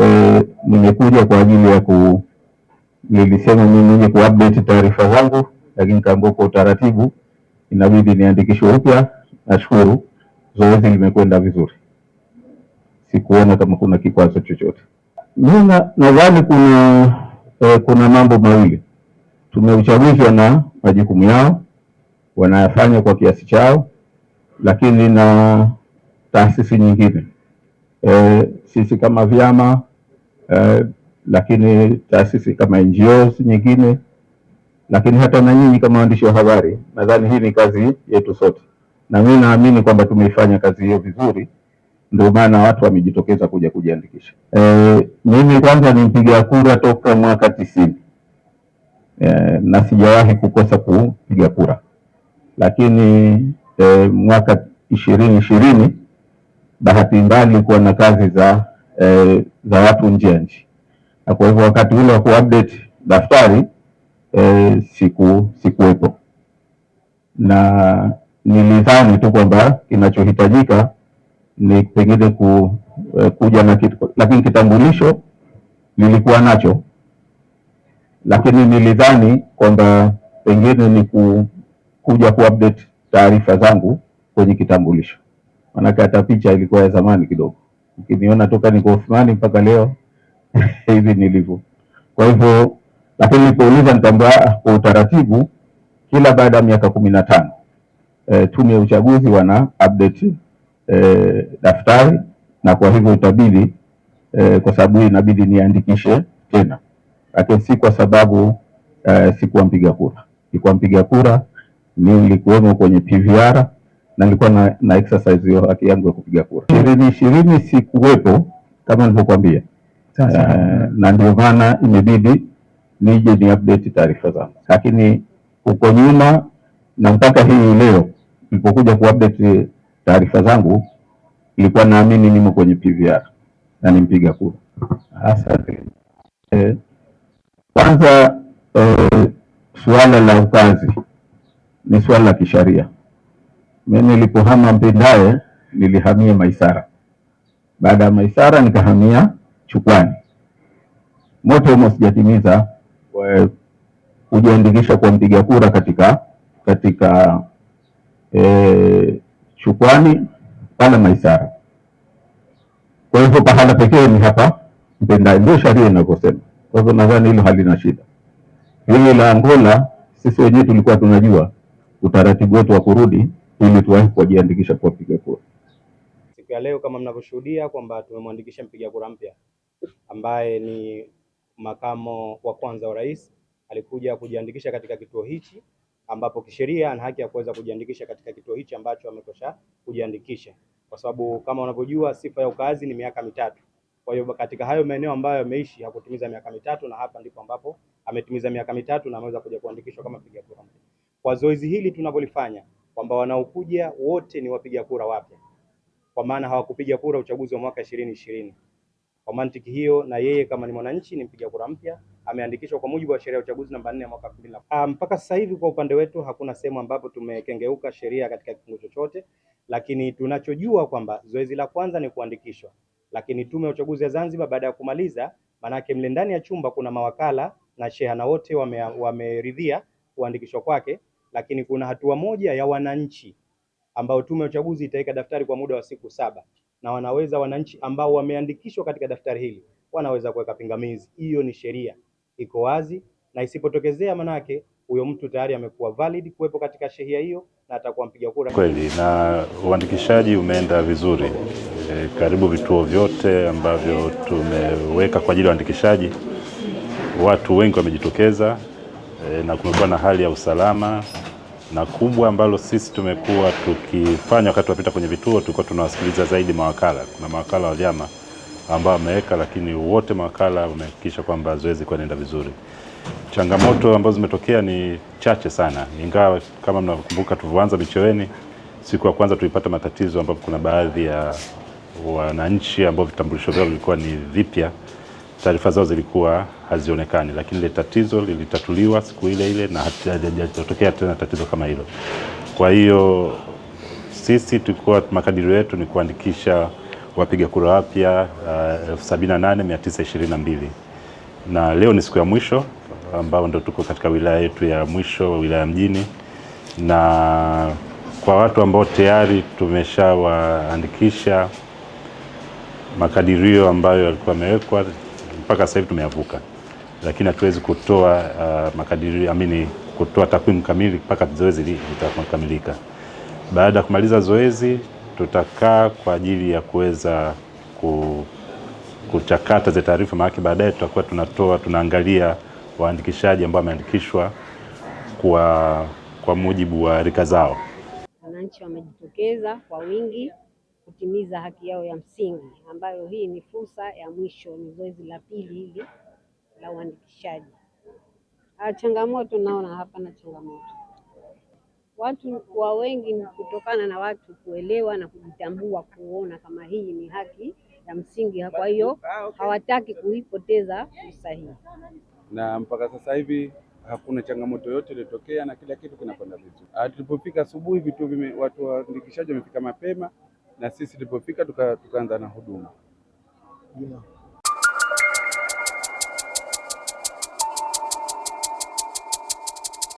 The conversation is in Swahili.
Eh, nimekuja kwa ajili ya ku nilisema mimi nije ku update taarifa zangu, lakini kaambua kwa utaratibu inabidi niandikishwe upya. Nashukuru zoezi limekwenda vizuri, sikuona kama kuna kikwazo chochote. Mimi nadhani kuna eh, kuna mambo mawili. Tume uchaguzi wana majukumu yao wanayafanya kwa kiasi chao, lakini na taasisi nyingine eh, sisi kama vyama Eh, lakini taasisi kama NGOs nyingine, lakini hata na nyinyi kama waandishi wa habari. Nadhani hii ni kazi yetu sote, na mimi naamini kwamba tumeifanya kazi hiyo vizuri, ndio maana watu wamejitokeza kuja kujiandikisha. E, mimi kwanza ni mpiga kura toka mwaka tisini e, na sijawahi kukosa kupiga kura, lakini e, mwaka ishirini ishirini bahati mbaya nilikuwa na kazi za e, za watu nje ya nchi, na kwa hivyo wakati ule wa kuupdate daftari e, siku sikuwepo, na nilidhani tu kwamba kinachohitajika ni pengine ku, e, kuja na kitu, lakini kitambulisho nilikuwa nacho, lakini nilidhani kwamba pengine ni ku, kuja kuupdate taarifa zangu kwenye kitambulisho, maanake hata picha ilikuwa ya zamani kidogo ukiniona toka niko Uthmani mpaka leo hivi nilivyo. Kwa hivyo, lakini nilipouliza nikaambiwa ah, kwa utaratibu kila baada ya miaka kumi na tano e, tume ya uchaguzi wana update e, daftari na kwa hivyo itabidi e, kwa sababu inabidi niandikishe tena, lakini si kwa sababu e, sikuwa mpiga kura. Sikuwa mpiga kura, nilikuwemo kwenye PVR na nilikuwa na, na exercise hiyo haki yangu ya kupiga kura. ishirini ishirini sikuwepo kama nilivyokuambia, uh, na ndio maana imebidi nije ni update taarifa zangu, lakini huko nyuma na mpaka hii leo nilipokuja update taarifa zangu ilikuwa naamini nimo kwenye PVR na nimpiga kura. Asante. Eh, kwanza eh, suala la ukazi ni suala la kisheria mimi nilipohama Mpendae nilihamia Maisara, baada ya Maisara nikahamia Chukwani. Mote humo sijatimiza kujiandikisha kwa mpiga kura katika katika e, Chukwani wala Maisara. Kwa hivyo pahala pekee ni hapa Mpendae, ndio sharia inavyosema. Kwa hivyo nadhani hilo halina shida. Hili la Angola sisi wenyewe tulikuwa tunajua utaratibu wetu wa kurudi ili tuwahi kuwajiandikisha piga kura siku ya leo. Kama mnavyoshuhudia kwamba tumemwandikisha mpiga kura mpya ambaye ni makamo wa kwanza wa rais, alikuja kujiandikisha katika kituo hichi ambapo kisheria ana haki ya kuweza kujiandikisha katika kituo hichi ambacho amekosha kujiandikisha, kwa sababu kama unavyojua sifa ya ukaazi ni miaka mitatu. Kwa hiyo katika hayo maeneo ambayo ameishi hakutimiza miaka mitatu, na hapa ndipo ambapo ametimiza miaka mitatu na ameweza kuja kuandikishwa kama mpiga kura. Kwa zoezi hili tunavyolifanya kwamba wanaokuja wote ni wapiga kura wapya, kwa maana hawakupiga kura uchaguzi wa mwaka ishirini ishirini. Kwa mantiki hiyo, na yeye kama ni mwananchi ni mpiga kura mpya, ameandikishwa kwa mujibu wa sheria ya uchaguzi namba 4 ya mwaka na 2000. Ah, mpaka sasa hivi kwa upande wetu hakuna sehemu ambapo tumekengeuka sheria katika kifungu chochote, lakini tunachojua kwamba zoezi la kwanza ni kuandikishwa, lakini tume ya uchaguzi ya Zanzibar baada ya kumaliza, maanake mle ndani ya chumba kuna mawakala na shehana wote wameridhia wame kuandikishwa kwake lakini kuna hatua moja ya wananchi ambao tume ya uchaguzi itaweka daftari kwa muda wa siku saba, na wanaweza wananchi ambao wameandikishwa katika daftari hili wanaweza kuweka pingamizi. Hiyo ni sheria, iko wazi, na isipotokezea, manake huyo mtu tayari amekuwa valid kuwepo katika sheria hiyo na atakuwa mpiga kura kweli. Na uandikishaji umeenda vizuri e, karibu vituo vyote ambavyo tumeweka kwa ajili ya uandikishaji watu wengi wamejitokeza e, na kumekuwa na hali ya usalama, na kubwa ambalo sisi tumekuwa tukifanya wakati tunapita kwenye vituo, tulikuwa tunawasikiliza zaidi mawakala. Kuna mawakala wa vyama ambao wameweka, lakini wote mawakala wamehakikisha kwamba zoezi kwa nenda vizuri. Changamoto ambazo zimetokea ni chache sana, ingawa kama mnakumbuka tulivyoanza Micheweni, siku ya kwanza tulipata matatizo ambapo kuna baadhi ya wananchi ambao vitambulisho vyao vilikuwa ni vipya taarifa zao zilikuwa hazionekani, lakini ile tatizo lilitatuliwa siku ile ile na hajatokea tena tatizo kama hilo. Kwa hiyo sisi tulikuwa makadirio yetu ni kuandikisha wapiga kura wapya uh, 78922 na leo ni siku ya mwisho ambao ndo tuko katika wilaya yetu ya mwisho, wilaya mjini, na kwa watu ambao tayari tumeshawaandikisha makadirio ambayo yalikuwa yamewekwa mpaka sasa hivi tumeavuka, lakini hatuwezi kutoa uh, makadirio amini, kutoa takwimu kamili mpaka zoezi litakamilika. Baada ya kumaliza zoezi, tutakaa kwa ajili ya kuweza ku, kuchakata zile taarifa, maanake baadaye tutakuwa tunatoa tunaangalia waandikishaji ambao wameandikishwa kwa, kwa mujibu wa rika zao. Wananchi wamejitokeza kwa wingi kutimiza haki yao ya msingi, ambayo hii ni fursa ya mwisho, ni zoezi la pili hili la uandikishaji. Ah, changamoto naona hapa na changamoto watu wa wengi ni kutokana na watu kuelewa na kujitambua, kuona kama hii ni haki ya msingi, kwa hiyo hawataki kuipoteza fursa hii. Na mpaka sasa hivi hakuna changamoto yote iliyotokea na kila kitu kinakwenda vizuri. Ah, tulipofika asubuhi, vituo watu waandikishaji wamefika mapema na sisi tulipofika tukaanza tuka na huduma.